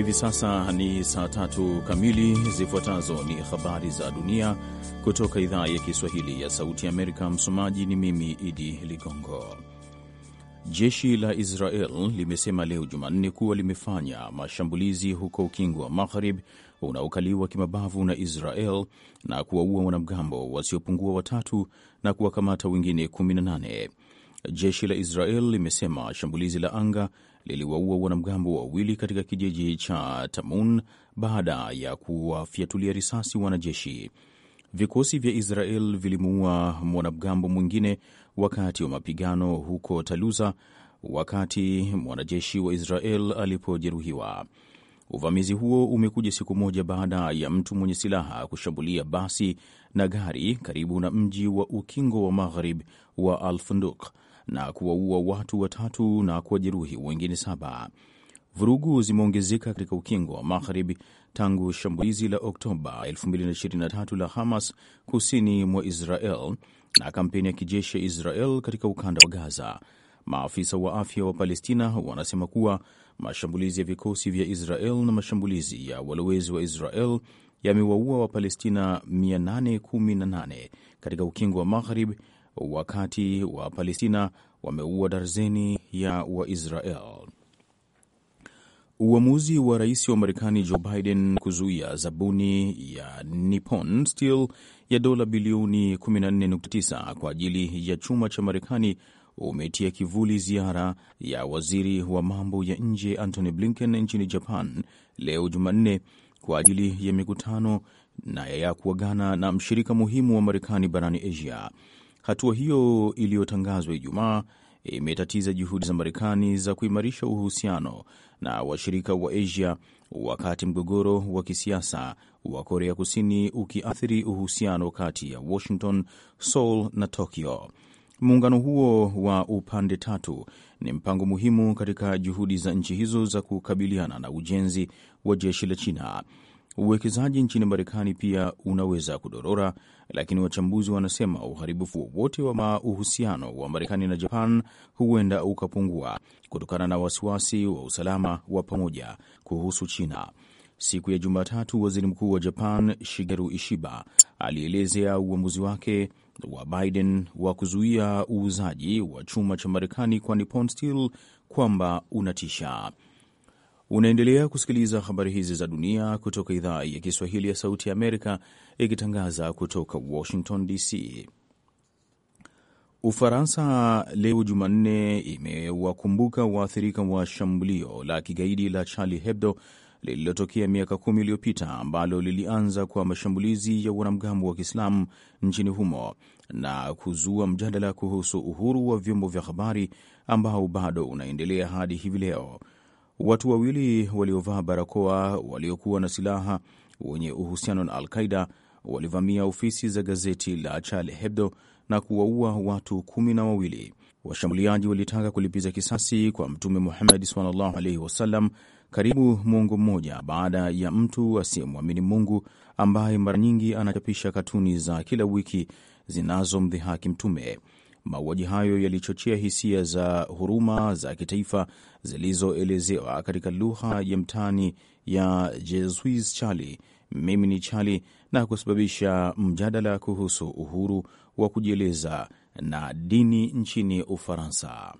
Hivi sasa ni saa tatu kamili. Zifuatazo ni habari za dunia kutoka idhaa ya Kiswahili ya Sauti Amerika. Msomaji ni mimi Idi Ligongo. Jeshi la Israel limesema leo Jumanne kuwa limefanya mashambulizi huko Ukingo wa Magharibi unaokaliwa kimabavu na Israel na kuwaua wanamgambo wasiopungua watatu na kuwakamata wengine 18. Jeshi la Israel limesema shambulizi la anga liliwaua wanamgambo wawili katika kijiji cha Tamun baada ya kuwafyatulia risasi wanajeshi. Vikosi vya Israel vilimuua mwanamgambo mwingine wakati wa mapigano huko Taluza, wakati mwanajeshi wa Israel alipojeruhiwa. Uvamizi huo umekuja siku moja baada ya mtu mwenye silaha kushambulia basi na gari karibu na mji wa ukingo wa magharibi wa alfunduk na kuwaua watu watatu na kuwajeruhi wengine saba. Vurugu zimeongezeka katika ukingo wa magharibi tangu shambulizi la Oktoba 2023 la Hamas kusini mwa Israel na kampeni ya kijeshi ya Israel katika ukanda wa Gaza. Maafisa wa afya wa Palestina wanasema kuwa mashambulizi ya vikosi vya Israel na mashambulizi ya walowezi wa Israel yamewaua Wapalestina 818 katika ukingo wa magharibi wakati wa Palestina wameua darzeni ya Waisrael. Uamuzi wa rais wa Marekani Joe Biden kuzuia zabuni ya Nippon Steel ya dola bilioni 14.9 kwa ajili ya chuma cha Marekani umetia kivuli ziara ya waziri wa mambo ya nje Antony Blinken nchini Japan leo Jumanne kwa ajili ya mikutano na ya kuagana na mshirika muhimu wa Marekani barani Asia. Hatua hiyo iliyotangazwa Ijumaa imetatiza juhudi za Marekani za kuimarisha uhusiano na washirika wa Asia wakati mgogoro wa kisiasa wa Korea Kusini ukiathiri uhusiano kati ya Washington, Seoul na Tokyo. Muungano huo wa upande tatu ni mpango muhimu katika juhudi za nchi hizo za kukabiliana na ujenzi wa jeshi la China. Uwekezaji nchini Marekani pia unaweza kudorora, lakini wachambuzi wanasema uharibifu wowote wa uhusiano wa Marekani na Japan huenda ukapungua kutokana na wasiwasi wa usalama wa pamoja kuhusu China. Siku ya Jumatatu, waziri mkuu wa Japan Shigeru Ishiba alielezea uamuzi wake wa Biden wa kuzuia uuzaji wa chuma cha Marekani kwa Nippon Steel kwamba unatisha. Unaendelea kusikiliza habari hizi za dunia kutoka idhaa ya Kiswahili ya Sauti ya Amerika ikitangaza kutoka Washington DC. Ufaransa leo Jumanne imewakumbuka waathirika wa shambulio la kigaidi la Charlie Hebdo lililotokea miaka kumi iliyopita ambalo lilianza kwa mashambulizi ya wanamgambo wa Kiislamu nchini humo na kuzua mjadala kuhusu uhuru wa vyombo vya habari ambao bado unaendelea hadi hivi leo. Watu wawili waliovaa barakoa waliokuwa na silaha wenye uhusiano na alqaida walivamia ofisi za gazeti la Charlie Hebdo na kuwaua watu kumi na wawili. Washambuliaji walitaka kulipiza kisasi kwa Mtume muhammadi sallallahu alaihi wasallam karibu mwongo mmoja baada ya mtu asiyemwamini Mungu ambaye mara nyingi anachapisha katuni za kila wiki zinazomdhihaki Mtume Mauaji hayo yalichochea hisia za huruma za kitaifa zilizoelezewa katika lugha ya mtaani ya Jesuis Chali, mimi ni Chali, na kusababisha mjadala kuhusu uhuru wa kujieleza na dini nchini Ufaransa.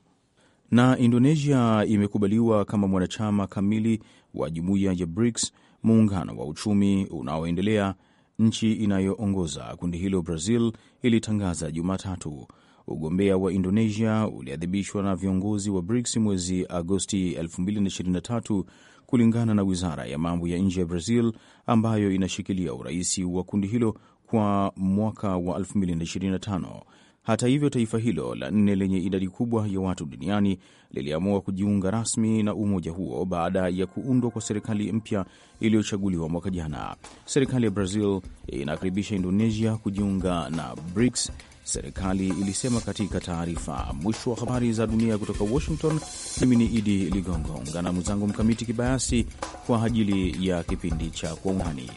Na Indonesia imekubaliwa kama mwanachama kamili wa jumuiya ya BRICS, muungano wa uchumi unaoendelea. Nchi inayoongoza kundi hilo Brazil ilitangaza Jumatatu Ugombea wa Indonesia uliadhibishwa na viongozi wa BRICS mwezi Agosti 2023 kulingana na wizara ya mambo ya nje ya Brazil ambayo inashikilia urais wa kundi hilo kwa mwaka wa 2025. Hata hivyo, taifa hilo la nne lenye idadi kubwa ya watu duniani liliamua kujiunga rasmi na umoja huo baada ya kuundwa kwa serikali mpya iliyochaguliwa mwaka jana. Serikali ya Brazil inakaribisha Indonesia kujiunga na BRICS serikali ilisema katika taarifa. Mwisho wa habari za dunia kutoka Washington. Mimi ni Idi Ligongo, ungana mwenzangu Mkamiti Kibayasi kwa ajili ya kipindi cha Kwa Undani.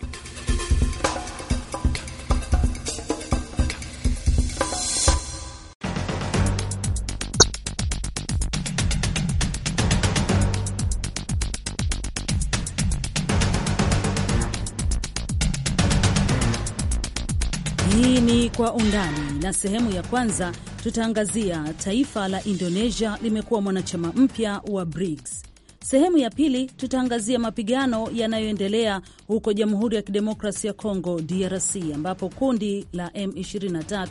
Hii ni Kwa Undani na sehemu ya kwanza tutaangazia taifa la Indonesia limekuwa mwanachama mpya wa BRICS. Sehemu ya pili tutaangazia mapigano yanayoendelea huko Jamhuri ya Kidemokrasia ya Kongo, DRC, ambapo kundi la M23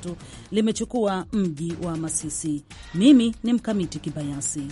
limechukua mji wa Masisi. Mimi ni Mkamiti Kibayasi.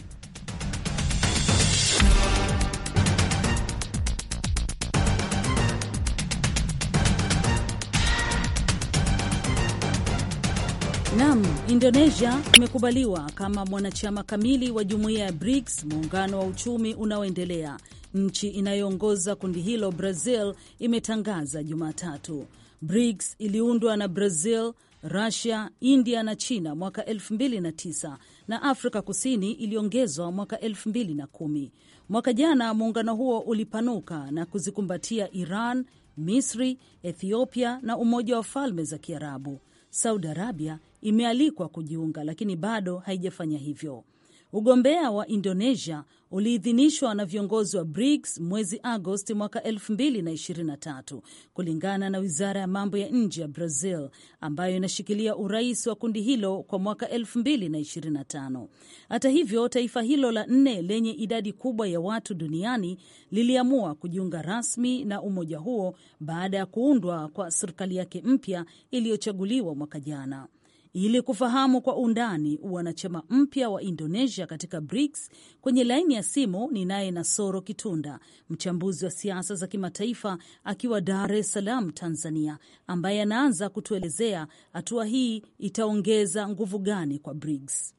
Nam, Indonesia imekubaliwa kama mwanachama kamili wa jumuiya ya BRICS, muungano wa uchumi unaoendelea. Nchi inayoongoza kundi hilo, Brazil, imetangaza Jumatatu. BRICS iliundwa na Brazil, Rusia, India na China mwaka 2009 na Afrika Kusini iliongezwa mwaka 2010. Mwaka jana muungano huo ulipanuka na kuzikumbatia Iran, Misri, Ethiopia na Umoja wa Falme za Kiarabu. Saudi Arabia imealikwa kujiunga, lakini bado haijafanya hivyo. Ugombea wa Indonesia uliidhinishwa na viongozi wa BRICS mwezi Agosti mwaka 2023 kulingana na wizara ya mambo ya nje ya Brazil ambayo inashikilia urais wa kundi hilo kwa mwaka 2025. Hata hivyo, taifa hilo la nne lenye idadi kubwa ya watu duniani liliamua kujiunga rasmi na umoja huo baada ya kuundwa kwa serikali yake mpya iliyochaguliwa mwaka jana. Ili kufahamu kwa undani wanachama mpya wa Indonesia katika BRICS, kwenye laini ya simu ninaye Nasoro Kitunda, mchambuzi wa siasa za kimataifa akiwa Dar es Salaam, Tanzania, ambaye anaanza kutuelezea hatua hii itaongeza nguvu gani kwa BRICS.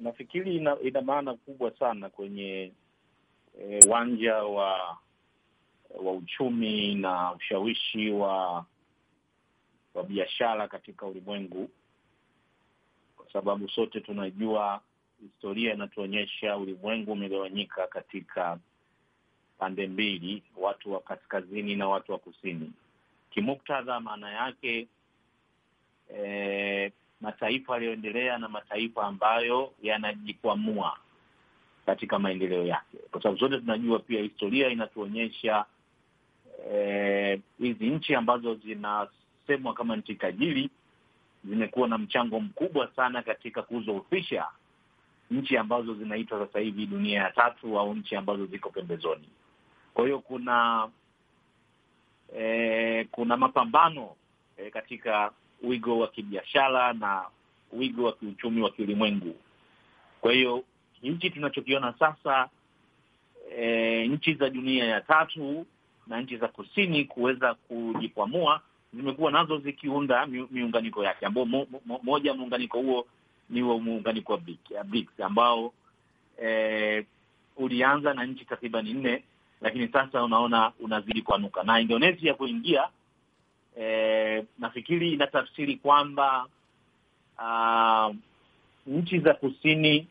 Nafikiri ina, ina maana kubwa sana kwenye eh, uwanja e, wa wa uchumi na ushawishi wa wa biashara katika ulimwengu sababu sote tunajua historia inatuonyesha ulimwengu umegawanyika katika pande mbili, watu wa kaskazini na watu wa kusini. Kimuktadha, maana yake e, mataifa yaliyoendelea na mataifa ambayo yanajikwamua katika maendeleo yake, kwa sababu sote tunajua pia historia inatuonyesha e, hizi e, nchi ambazo zinasemwa kama nchi tajiri zimekuwa na mchango mkubwa sana katika kuzoofisha nchi ambazo zinaitwa sasa hivi dunia ya tatu au nchi ambazo ziko pembezoni. Kwa hiyo kuna e, kuna mapambano e, katika wigo wa kibiashara na wigo wa kiuchumi wa kiulimwengu. Kwa hiyo nchi tunachokiona sasa e, nchi za dunia ya tatu na nchi za kusini kuweza kujikwamua zimekuwa nazo zikiunda miunganiko yake, ambao mo, mo, moja muunganiko huo ni wa muunganiko wa BRICS ambao eh, ulianza na nchi takriban nne, lakini sasa unaona unazidi kuanuka na Indonesia kuingia eh, nafikiri inatafsiri kwamba uh, nchi za kusini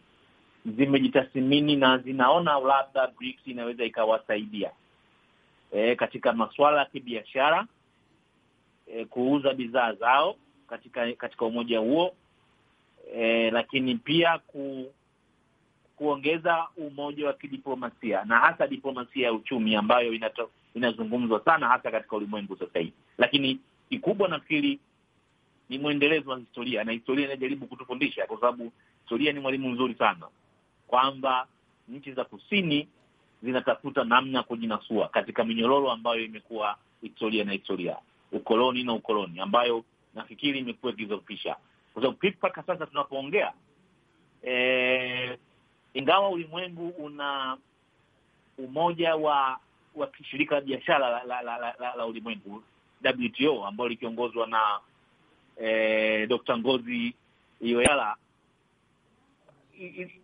zimejitathmini na zinaona labda BRICS inaweza ikawasaidia eh, katika masuala ya kibiashara e, kuuza bidhaa zao katika katika umoja huo e, lakini pia ku, kuongeza umoja wa kidiplomasia na hasa diplomasia ya uchumi ambayo inato, inazungumzwa sana hasa katika ulimwengu sasa hivi, lakini kikubwa nafikiri ni mwendelezo wa historia, na historia inajaribu kutufundisha, kwa sababu historia ni mwalimu mzuri sana, kwamba nchi za kusini zinatafuta namna kujinasua katika minyororo ambayo imekuwa historia na historia ukoloni na ukoloni, ambayo nafikiri imekuwa ikizofisha, kwa sababu mpaka sasa tunapoongea, e, ingawa ulimwengu una umoja wa wa shirika la biashara la, la, la, la, la ulimwengu WTO ambayo likiongozwa na e, eh, Dr. Ngozi Iweala,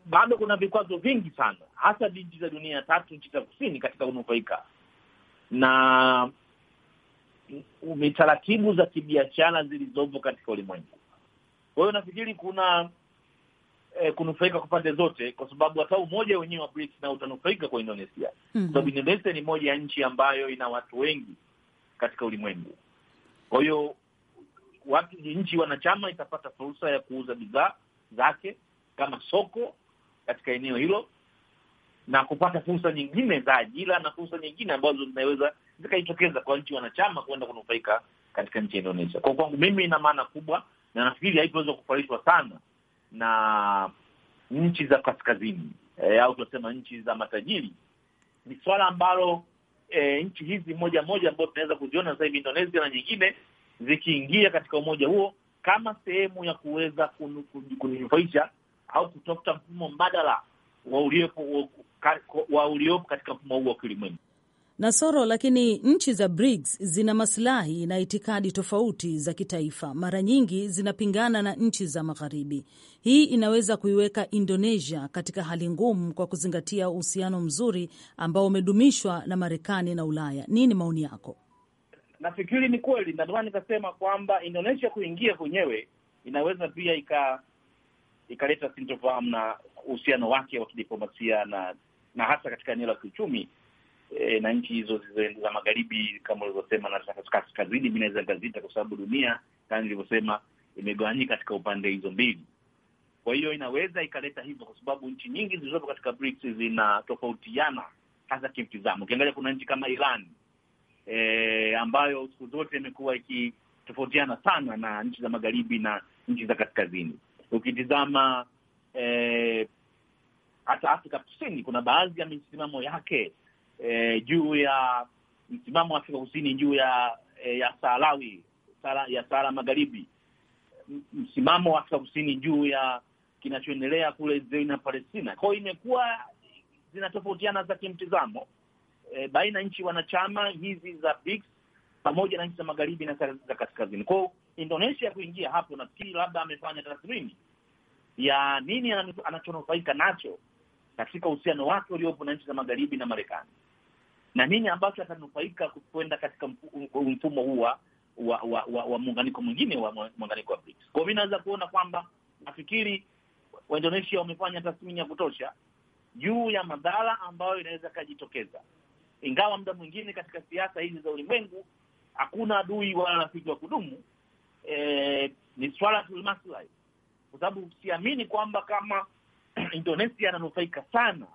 bado kuna vikwazo vingi sana, hasa nchi za dunia tatu, nchi za kusini katika kunufaika na taratibu za kibiashara zilizopo katika ulimwengu. Kwa hiyo nafikiri kuna eh, kunufaika kwa pande zote, kwa sababu hata umoja wenyewe wa BRICS na utanufaika kwa Indonesia mm-hmm. kwa sababu Indonesia ni moja ya nchi ambayo ina watu wengi katika ulimwengu. Kwa hiyo nchi wanachama itapata fursa ya kuuza bidhaa zake kama soko katika eneo hilo na kupata fursa nyingine za ajira na fursa nyingine ambazo zinaweza zikajitokeza kwa nchi wanachama kuenda kunufaika katika nchi ya Indonesia. Kwa kwangu mimi ina maana kubwa, na nafikiri haikuweza kufarishwa sana na nchi za kaskazini e, au tunasema nchi za matajiri. Ni swala ambalo e, nchi hizi moja moja ambayo tunaweza kuziona sasa hivi Indonesia na nyingine zikiingia katika umoja huo kama sehemu ya kuweza kunufaisha au kutafuta mfumo mbadala wa uliopo katika mfumo huo wa kiulimwengu na soro lakini nchi za BRICS zina masilahi na itikadi tofauti za kitaifa, mara nyingi zinapingana na nchi za Magharibi. Hii inaweza kuiweka Indonesia katika hali ngumu kwa kuzingatia uhusiano mzuri ambao umedumishwa na Marekani na Ulaya. Nini maoni yako? Nafikiri ni kweli, na ndio maana nikasema kwamba Indonesia kuingia kwenyewe inaweza pia ika ikaleta sintofahamu na uhusiano wake wa kidiplomasia na na hasa katika eneo la kiuchumi e, na nchi hizo za magharibi kama ulivyosema na kaskazini, mi naweza nikaziita kwa sababu dunia kama nilivyosema imegawanyika katika upande hizo mbili. Kwa hiyo inaweza ikaleta hivyo, kwa sababu nchi nyingi zilizopo katika BRICS zinatofautiana hasa kimtizamo. Ukiangalia kuna nchi kama Iran e, ambayo siku zote imekuwa ikitofautiana sana na nchi za magharibi na nchi za kaskazini. Ukitizama e, hata Afrika Kusini kuna baadhi ya misimamo yake e, juu ya msimamo wa Afrika Kusini juu ya e, ya Saharawi Sahara, ya Sahara Magharibi, msimamo wa Afrika Kusini juu ya kinachoendelea kule Israeli na Palestina. Kwa hiyo imekuwa zinatofautiana za kimtizamo e, baina ya nchi wanachama hizi za BRICS pamoja na nchi za magharibi na za kaskazini. Kwao Indonesia kuingia hapo, nafikiri labda amefanya tathmini ya nini anachonufaika nacho katika uhusiano wake uliopo na nchi za magharibi na Marekani na nini ambacho atanufaika kwenda katika mfumo huu wa wa, wa, wa muunganiko mwingine wa muunganiko wa BRICS. Kwa mi naweza kuona kwamba nafikiri Waindonesia wamefanya tathmini ya kutosha juu ya madhara ambayo inaweza ikajitokeza, ingawa muda mwingine katika siasa hizi za ulimwengu hakuna adui wala rafiki wa kudumu. E, ni swala tu maslahi, kwa sababu siamini kwamba kama Indonesia ananufaika sana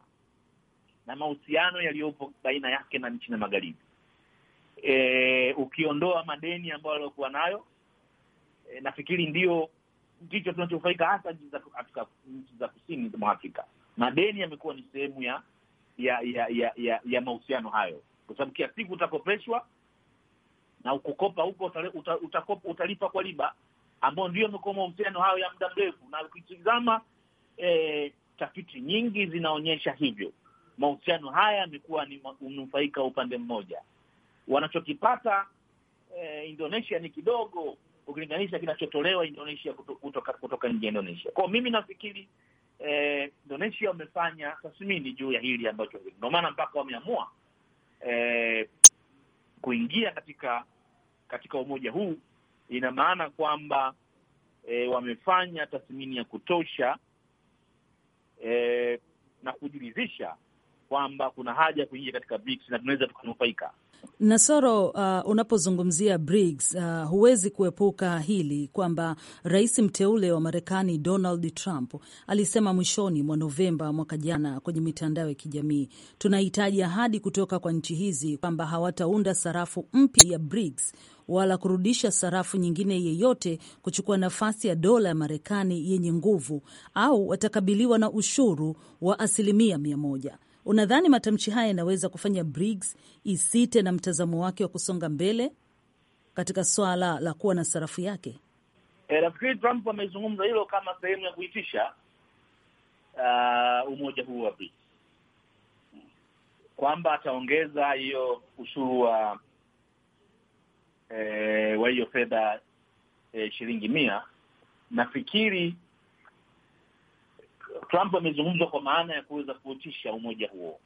na mahusiano yaliyopo baina yake na nchi na magharibi. E, ukiondoa madeni ambayo aliokuwa nayo e, nafikiri ndio ndicho tunachofaika hasa nchi za kusini mwa Afrika. Madeni yamekuwa ni sehemu ya ya ya ya, ya, ya mahusiano hayo, kwa sababu kila siku utakopeshwa na ukukopa huko utakopa utalipa kwa riba, ambao ndio amekuwa mahusiano hayo ya muda mrefu. Na ukitizama e, tafiti nyingi zinaonyesha hivyo mahusiano haya yamekuwa ni unufaika upande mmoja. Wanachokipata eh, Indonesia ni kidogo ukilinganisha kinachotolewa Indonesia kutoka, kutoka nje ya Indonesia. Kwao mimi nafikiri eh, Indonesia wamefanya tathmini juu ya hili ambacho, ndio maana mpaka wameamua eh, kuingia katika katika umoja huu. Ina maana kwamba eh, wamefanya tathmini ya kutosha eh, na kujiridhisha kwamba kuna haja ya kuingia katika BRICS na tunaweza tukanufaika. Nasoro, uh, unapozungumzia BRICS uh, huwezi kuepuka hili kwamba rais mteule wa Marekani Donald Trump alisema mwishoni mwa Novemba mwaka jana kwenye mitandao ya kijamii, tunahitaji ahadi kutoka kwa nchi hizi kwamba hawataunda sarafu mpya ya BRICS wala kurudisha sarafu nyingine yeyote kuchukua nafasi ya dola ya Marekani yenye nguvu au watakabiliwa na ushuru wa asilimia mia moja. Unadhani matamshi haya yanaweza kufanya BRICS isite na mtazamo wake wa kusonga mbele katika swala la kuwa na sarafu yake? E, Trump amezungumza hilo kama sehemu ya kuitisha uh, umoja huu wa BRICS kwamba ataongeza hiyo ushuru wa eh, wa hiyo fedha eh, shilingi mia. Nafikiri Trump amezungumzwa kwa maana ya kuweza kuotisha umoja huo,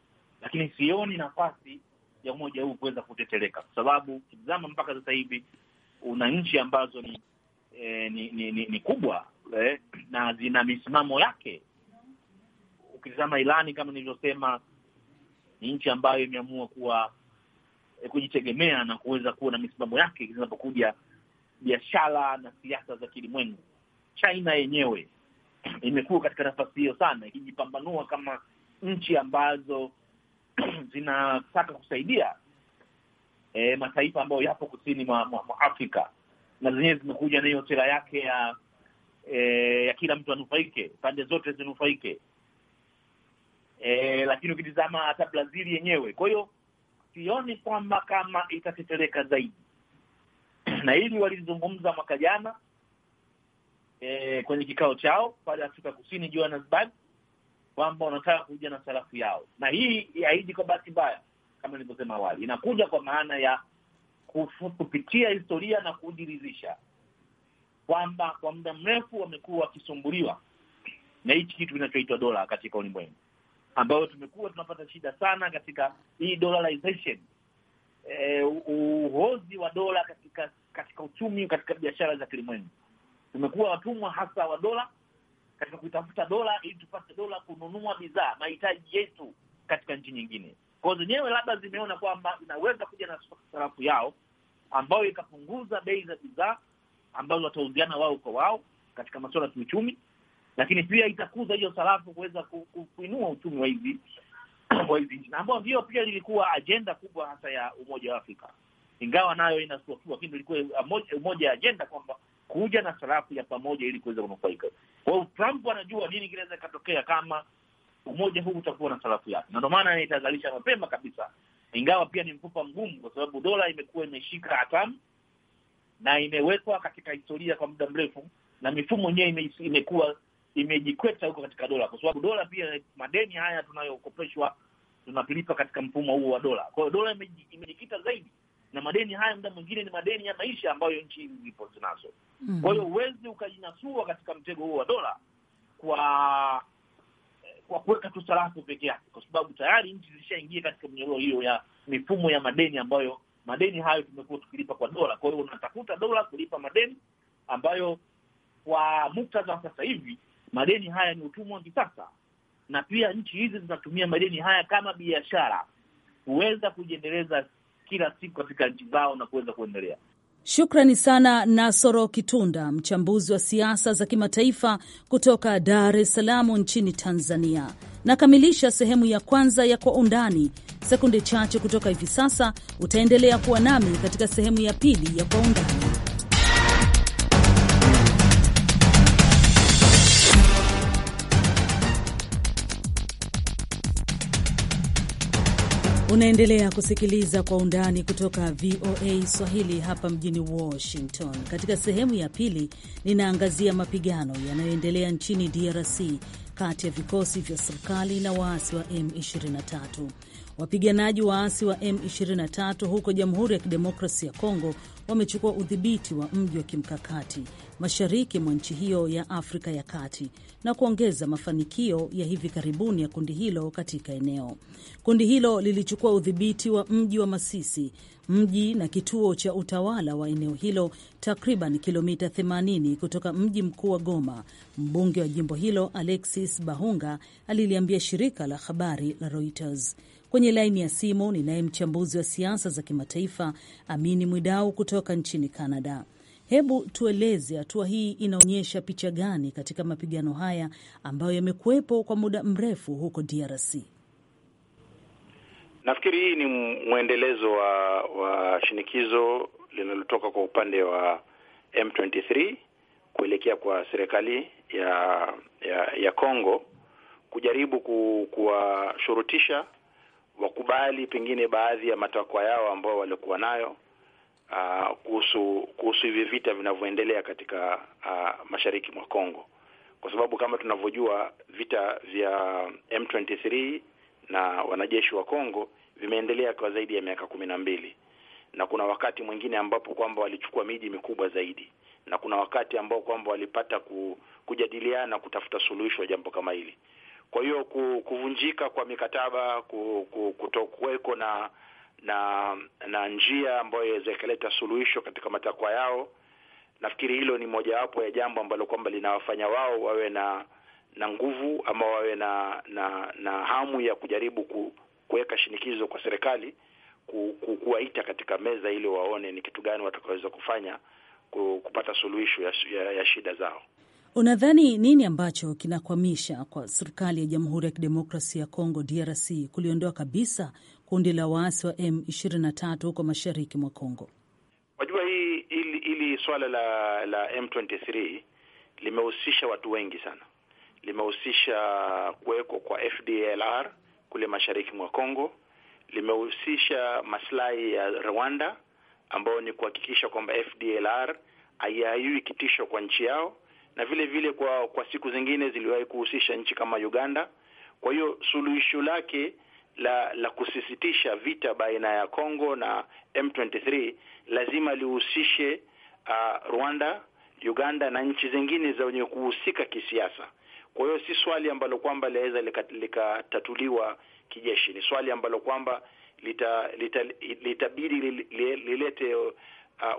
lakini sioni nafasi ya umoja huu kuweza kuteteleka kwa sababu ukitizama mpaka sasa hivi una nchi ambazo ni, eh, ni, ni, ni, ni kubwa eh, na zina misimamo yake. Ukitizama Irani kama nilivyosema, ni nchi ambayo imeamua kuwa eh, kujitegemea na kuweza kuwa na misimamo yake zinapokuja biashara na siasa za kilimwengu. China yenyewe imekuwa katika nafasi hiyo sana ikijipambanua kama nchi ambazo zinataka kusaidia e, mataifa ambayo yapo kusini mwa, mwa, mwa Afrika na zenyewe zimekuja na hiyo sera yake ya e, ya kila mtu anufaike, pande zote zinufaike e, lakini ukitizama hata Brazil yenyewe. Kwa hiyo sioni kwamba kama itatetereka zaidi na hili walizungumza mwaka jana e, kwenye kikao chao pale Afrika Kusini, Johannesburg, kwamba wanataka kuja na sarafu yao, na hii haiji kwa bahati mbaya, kama nilivyosema awali, inakuja kwa maana ya kufu, kupitia historia na kujiridhisha kwamba kwa muda mrefu wamekuwa wakisumbuliwa na hichi kitu kinachoitwa dola katika ulimwengu, ambayo tumekuwa tunapata shida sana katika hii dollarization, E, uhozi wa dola katika katika uchumi, katika biashara za kilimwengu tumekuwa watumwa hasa wa dola katika kuitafuta dola ili tupate dola kununua bidhaa mahitaji yetu katika nchi nyingine. Kwao zenyewe labda zimeona kwamba inaweza kuja na sarafu yao ambayo ikapunguza bei za bidhaa ambazo watauziana wao kwa wao katika masuala ya kiuchumi, lakini pia itakuza hiyo sarafu kuweza kuinua uchumi wa hizi wa hizi nchi, na ambayo ndio pia lilikuwa ajenda kubwa hasa ya Umoja wa Afrika, ingawa nayo inasuasua, lakini ilikuwa moja ya ajenda kwamba kuja na sarafu ya pamoja ili kuweza kunufaika. Kwa hiyo Trump anajua nini kinaweza ikatokea kama umoja huu utakuwa na sarafu yake, na ndio maana itazalisha mapema kabisa, ingawa pia ni mfupa mgumu, kwa sababu dola imekuwa imeshika hatamu na imewekwa katika historia kwa muda mrefu, na mifumo yenyewe imekuwa imejikweta huko katika dola, kwa sababu dola pia, madeni haya tunayokopeshwa tunapilipa katika mfumo huo wa dola. Kwa hiyo dola imejikita zaidi na madeni haya muda mwingine ni madeni ya maisha ambayo nchi hizi zipo zinazo. Mm. Kwa hiyo huwezi ukajinasua katika mtego huo wa dola kwa eh, kwa kuweka tu sarafu peke yake, kwa sababu tayari nchi zilishaingia katika mnyororo hiyo ya mifumo ya madeni ambayo madeni hayo tumekuwa tukilipa kwa dola. Kwa hiyo unatafuta dola kulipa madeni ambayo kwa muktadha wa sasa hivi madeni haya ni utumwa wa kisasa, na pia nchi hizi zinatumia madeni haya kama biashara kuweza kujiendeleza kila siku katika nchi zao na kuweza kuendelea. Shukrani sana Nasoro Kitunda, mchambuzi wa siasa za kimataifa kutoka Dar es Salaam nchini Tanzania. Nakamilisha sehemu ya kwanza ya Kwa Undani. Sekunde chache kutoka hivi sasa utaendelea kuwa nami katika sehemu ya pili ya Kwa Undani. Unaendelea kusikiliza Kwa Undani kutoka VOA Swahili hapa mjini Washington. Katika sehemu ya pili, ninaangazia mapigano yanayoendelea nchini DRC kati ya vikosi vya serikali na waasi wa M23. Wapiganaji waasi wa M23 huko Jamhuri ya Kidemokrasi ya Kongo wamechukua udhibiti wa mji wa kimkakati mashariki mwa nchi hiyo ya Afrika ya Kati na kuongeza mafanikio ya hivi karibuni ya kundi hilo katika eneo. Kundi hilo lilichukua udhibiti wa mji wa Masisi, mji na kituo cha utawala wa eneo hilo, takriban kilomita 80 kutoka mji mkuu wa Goma. Mbunge wa jimbo hilo Alexis Bahunga aliliambia shirika la habari la Reuters. Kwenye laini ya simu ninaye mchambuzi wa siasa za kimataifa Amini Mwidau kutoka nchini Canada. Hebu tueleze hatua hii inaonyesha picha gani katika mapigano haya ambayo yamekuwepo kwa muda mrefu huko DRC? Nafikiri hii ni mwendelezo wa, wa shinikizo linalotoka kwa upande wa M23 kuelekea kwa serikali ya ya, ya Kongo kujaribu ku, kuwashurutisha wakubali pengine baadhi ya matakwa yao ambao walikuwa nayo Uh, kuhusu kuhusu hivi vita vinavyoendelea katika uh, mashariki mwa Kongo, kwa sababu kama tunavyojua vita vya M23 na wanajeshi wa Kongo vimeendelea kwa zaidi ya miaka kumi na mbili na kuna wakati mwingine ambapo kwamba walichukua miji mikubwa zaidi, na kuna wakati ambao kwamba walipata kujadiliana kutafuta suluhisho ya jambo kama hili. Kwa hiyo kuvunjika kwa mikataba, kutokuweko na na na njia ambayo iweza ikaleta suluhisho katika matakwa yao. Nafikiri hilo ni mojawapo ya jambo ambalo kwamba linawafanya wao wawe na na nguvu ama wawe na na, na hamu ya kujaribu ku, kuweka shinikizo kwa serikali ku, ku, kuwaita katika meza ili waone ni kitu gani watakaweza kufanya ku, kupata suluhisho ya, ya, ya shida zao. Unadhani nini ambacho kinakwamisha kwa serikali ya Jamhuri ya Kidemokrasia ya Kongo DRC kuliondoa kabisa kundi la waasi wa M23 huko mashariki mwa Kongo. Wajua hii ili, ili swala la la M23 limehusisha watu wengi sana, limehusisha kuwekwa kwa FDLR kule mashariki mwa Kongo, limehusisha maslahi ya Rwanda ambayo ni kuhakikisha kwamba FDLR haiayui kitisho kwa nchi yao, na vile vile kwa kwa siku zingine ziliwahi kuhusisha nchi kama Uganda. Kwa hiyo suluhisho lake la la kusisitisha vita baina ya Kongo na M23 lazima lihusishe uh, Rwanda, Uganda na nchi zingine zenye kuhusika kisiasa. Kwa hiyo si swali ambalo kwamba linaweza likatatuliwa lika kijeshi, ni swali ambalo kwamba litabidi lilete uh,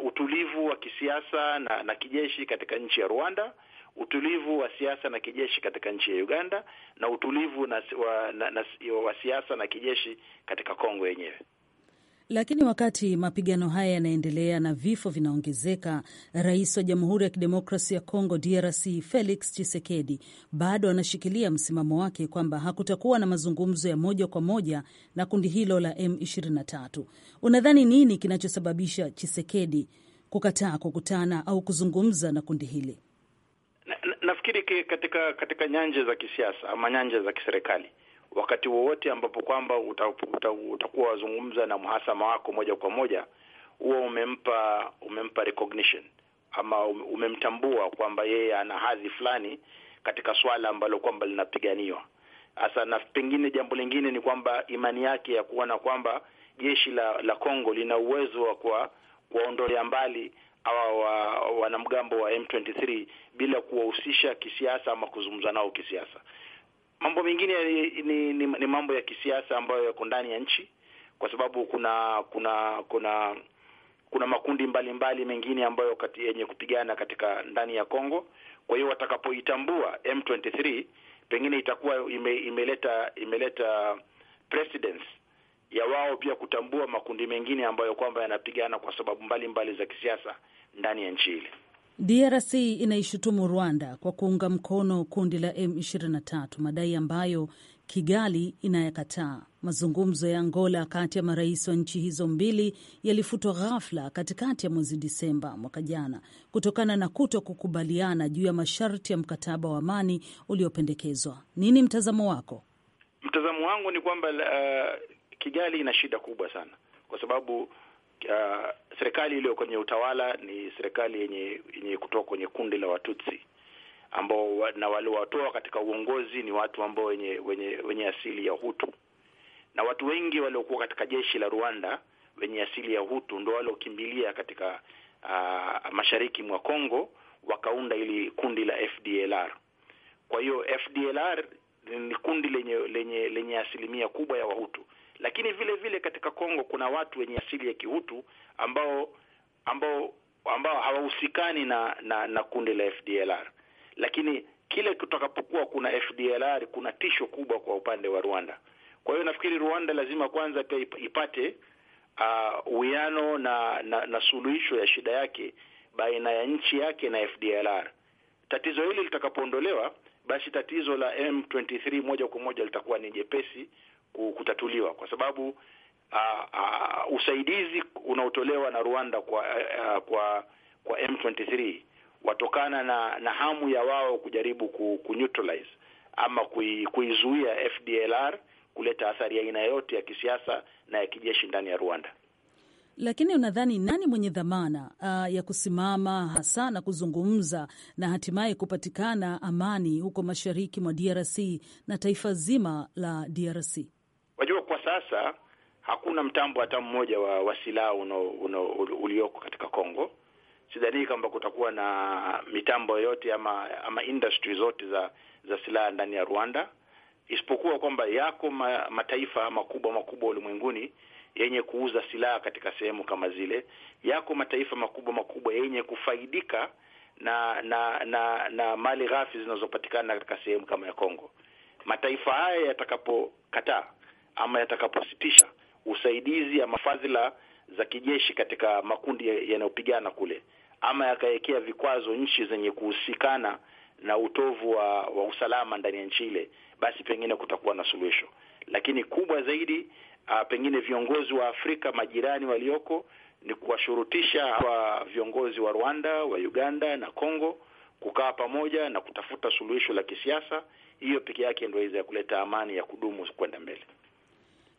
utulivu wa kisiasa na, na kijeshi katika nchi ya Rwanda utulivu wa siasa na kijeshi katika nchi ya Uganda na utulivu na, wa, na, na, wa siasa na kijeshi katika Kongo yenyewe. Lakini wakati mapigano haya yanaendelea na vifo vinaongezeka, rais wa Jamhuri ya Kidemokrasi ya Kongo DRC Felix Tshisekedi bado anashikilia msimamo wake kwamba hakutakuwa na mazungumzo ya moja kwa moja na kundi hilo la M23. Unadhani nini kinachosababisha Tshisekedi kukataa kukutana au kuzungumza na kundi hili? nafikiri katika katika nyanja za kisiasa ama nyanja za kiserikali, wakati wowote ambapo kwamba utakuwa wazungumza na mhasama wako moja kwa moja, huwa umempa umempa recognition ama umemtambua kwamba yeye ana hadhi fulani katika swala ambalo kwamba linapiganiwa hasa. Na pengine jambo lingine ni kwamba imani yake ya kuona kwamba jeshi la la Kongo lina uwezo wa kuwaondolea mbali wanamgambo wa M23 bila kuwahusisha kisiasa ama kuzungumza nao kisiasa. Mambo mengine ni, ni, ni, ni mambo ya kisiasa ambayo yako ndani ya nchi, kwa sababu kuna kuna kuna kuna makundi mbalimbali mbali mengine ambayo kati yenye kupigana katika ndani ya Kongo. Kwa hiyo watakapoitambua M23 pengine itakuwa ime, imeleta imeleta precedence ya wao pia kutambua makundi mengine ambayo kwamba yanapigana kwa sababu mbalimbali za kisiasa ndani ya nchi ile. DRC inaishutumu Rwanda kwa kuunga mkono kundi la M23, madai ambayo Kigali inayakataa. Mazungumzo ya Angola kati ya marais wa nchi hizo mbili yalifutwa ghafla katikati ya mwezi Disemba mwaka jana kutokana na kuto kukubaliana juu ya masharti ya mkataba wa amani uliopendekezwa. Nini mtazamo wako? Mtazamo wangu ni kwamba uh, Kigali ina shida kubwa sana kwa sababu uh, serikali iliyo kwenye utawala ni serikali yenye yenye kutoka kwenye kundi la Watutsi ambao na waliowatoa katika uongozi ni watu ambao wenye, wenye, wenye asili ya Hutu na watu wengi waliokuwa katika jeshi la Rwanda wenye asili ya Hutu ndio waliokimbilia katika uh, mashariki mwa Kongo wakaunda ili kundi la FDLR. Kwa hiyo FDLR ni kundi lenye lenye lenye asilimia kubwa ya Wahutu lakini vile vile katika Kongo kuna watu wenye asili ya kihutu ambao ambao ambao hawahusikani na, na, na kundi la FDLR, lakini kile kutakapokuwa kuna FDLR kuna tisho kubwa kwa upande wa Rwanda. Kwa hiyo nafikiri Rwanda lazima kwanza pia ipate ah, uwiano uh, na, na na suluhisho ya shida yake baina ya nchi yake na FDLR. Tatizo hili litakapoondolewa, basi tatizo la M23 moja kwa moja litakuwa ni jepesi kutatuliwa kwa sababu uh, uh, usaidizi unaotolewa na Rwanda kwa uh, kwa kwa M23 watokana na, na hamu ya wao kujaribu kuneutralize ama kuizuia FDLR kuleta athari ya aina yoyote ya kisiasa na ya kijeshi ndani ya Rwanda. Lakini unadhani nani mwenye dhamana uh, ya kusimama hasa na kuzungumza na hatimaye kupatikana amani huko mashariki mwa DRC na taifa zima la DRC? sasa hakuna mtambo hata mmoja wa, wa silaha ulioko katika Kongo. Sidhanii kwamba kutakuwa na mitambo yoyote ama, ama industry zote za za silaha ndani ya Rwanda, isipokuwa kwamba yako ma, mataifa makubwa makubwa ulimwenguni yenye kuuza silaha katika sehemu kama zile. Yako mataifa makubwa makubwa yenye kufaidika na na na, na mali ghafi zinazopatikana katika sehemu kama ya Kongo. Mataifa haya yatakapokataa ama yatakapositisha usaidizi ama fadhila za kijeshi katika makundi yanayopigana kule, ama yakawekea vikwazo nchi zenye kuhusikana na utovu wa, wa usalama ndani ya nchi ile, basi pengine kutakuwa na suluhisho. Lakini kubwa zaidi a, ah, pengine viongozi wa Afrika majirani walioko ni kuwashurutisha hawa viongozi wa Rwanda, wa Uganda na Kongo kukaa pamoja na kutafuta suluhisho la kisiasa. Hiyo peke yake ndio iweza ya kuleta amani ya kudumu kwenda mbele.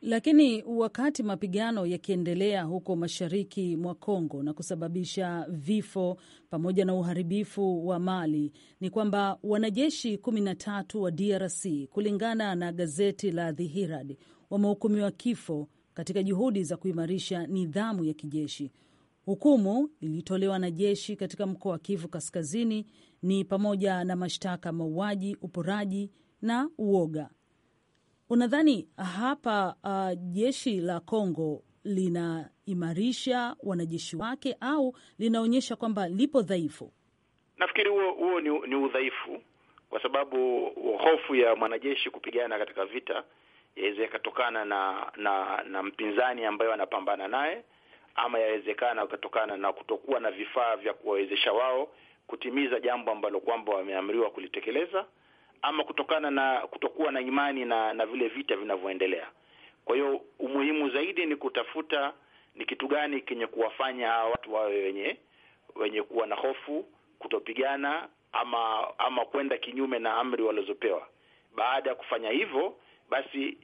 Lakini wakati mapigano yakiendelea huko mashariki mwa Kongo na kusababisha vifo pamoja na uharibifu wa mali, ni kwamba wanajeshi kumi na tatu wa DRC kulingana na gazeti la The Herald wamehukumiwa kifo katika juhudi za kuimarisha nidhamu ya kijeshi. Hukumu ilitolewa na jeshi katika mkoa wa Kivu Kaskazini ni pamoja na mashtaka mauaji, uporaji na uoga Unadhani hapa uh, jeshi la Kongo linaimarisha wanajeshi wake au linaonyesha kwamba lipo dhaifu? Nafikiri huo huo ni, ni udhaifu, kwa sababu hofu ya mwanajeshi kupigana katika vita yaweza ikatokana na, na na mpinzani ambayo anapambana naye, ama yawezekana ukatokana na kutokuwa na vifaa vya kuwawezesha wao kutimiza jambo ambalo kwamba wameamriwa kulitekeleza ama kutokana na kutokuwa na imani na, na vile vita vinavyoendelea. Kwa hiyo umuhimu zaidi ni kutafuta ni kitu gani kenye kuwafanya hawa watu wawe wenye wenye kuwa na hofu, kutopigana ama ama kwenda kinyume na amri walizopewa. Baada ya kufanya hivyo, basi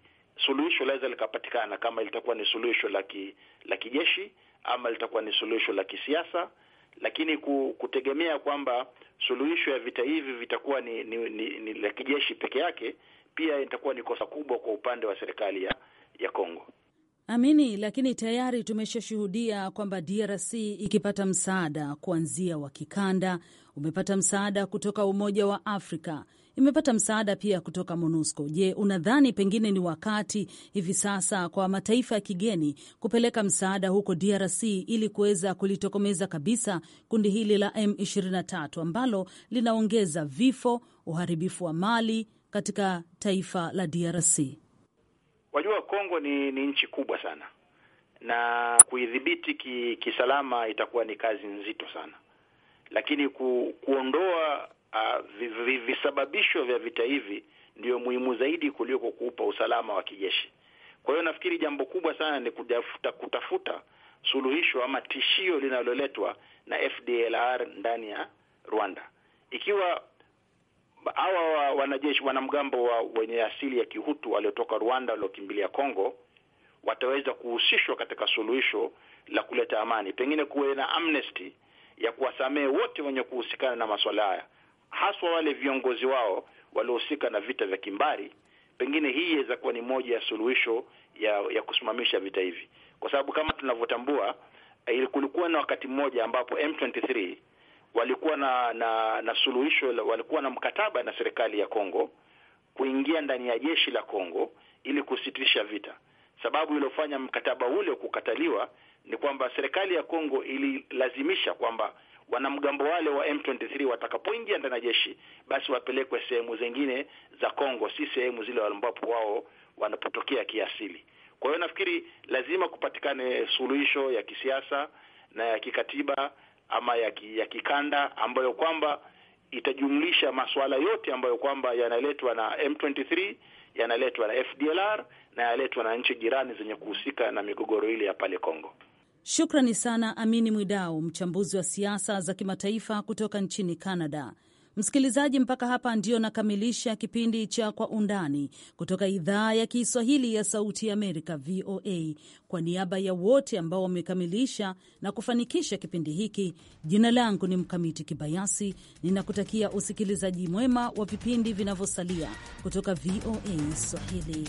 suluhisho laweza likapatikana, kama litakuwa ni suluhisho la kijeshi ama litakuwa ni suluhisho la kisiasa lakini kutegemea kwamba suluhisho ya vita hivi vitakuwa ni, ni, ni, ni la kijeshi peke yake pia itakuwa ni kosa kubwa kwa upande wa serikali ya, ya Kongo. Amini, lakini tayari tumeshashuhudia kwamba DRC ikipata msaada kuanzia wa kikanda, umepata msaada kutoka Umoja wa Afrika imepata msaada pia kutoka MONUSCO. Je, unadhani pengine ni wakati hivi sasa kwa mataifa ya kigeni kupeleka msaada huko DRC ili kuweza kulitokomeza kabisa kundi hili la M23 ambalo linaongeza vifo, uharibifu wa mali katika taifa la DRC? Wajua, Kongo ni, ni nchi kubwa sana na kuidhibiti ki, kisalama itakuwa ni kazi nzito sana, lakini ku, kuondoa uh, visababisho vya vita hivi ndio muhimu zaidi kuliko kuupa usalama wa kijeshi. Kwa hiyo nafikiri jambo kubwa sana ni kutafuta, kutafuta suluhisho ama tishio linaloletwa na FDLR ndani ya Rwanda. Ikiwa hawa wanajeshi wanamgambo wa wenye asili ya Kihutu waliotoka Rwanda waliokimbilia Kongo wataweza kuhusishwa katika suluhisho la kuleta amani, pengine kuwe na amnesty ya kuwasamehe wote wenye kuhusikana na masuala haya, haswa wale viongozi wao waliohusika na vita vya kimbari, pengine hii iweza kuwa ni moja ya suluhisho ya, ya kusimamisha vita hivi, kwa sababu kama tunavyotambua eh, kulikuwa na wakati mmoja ambapo M23 walikuwa na na, na suluhisho, walikuwa na mkataba na serikali ya Kongo kuingia ndani ya jeshi la Kongo ili kusitisha vita. Sababu iliyofanya mkataba ule kukataliwa ni kwamba serikali ya Kongo ililazimisha kwamba wanamgambo wale wa M23 watakapoingia ndani ya jeshi, basi wapelekwe sehemu zingine za Kongo, si sehemu zile ambapo wao wanapotokea kiasili. Kwa hiyo nafikiri lazima kupatikane suluhisho ya kisiasa na ya kikatiba ama ya, ki, ya kikanda ambayo kwamba itajumlisha masuala yote ambayo kwamba yanaletwa na M23 yanaletwa na FDLR na yanaletwa na nchi jirani zenye kuhusika na migogoro ile ya pale Kongo. Shukrani sana Amini Mwidau, mchambuzi wa siasa za kimataifa kutoka nchini Canada. Msikilizaji, mpaka hapa ndio nakamilisha kipindi cha Kwa Undani kutoka idhaa ya Kiswahili ya Sauti ya Amerika, VOA. Kwa niaba ya wote ambao wamekamilisha na kufanikisha kipindi hiki, jina langu ni Mkamiti Kibayasi, ninakutakia usikilizaji mwema wa vipindi vinavyosalia kutoka VOA Swahili.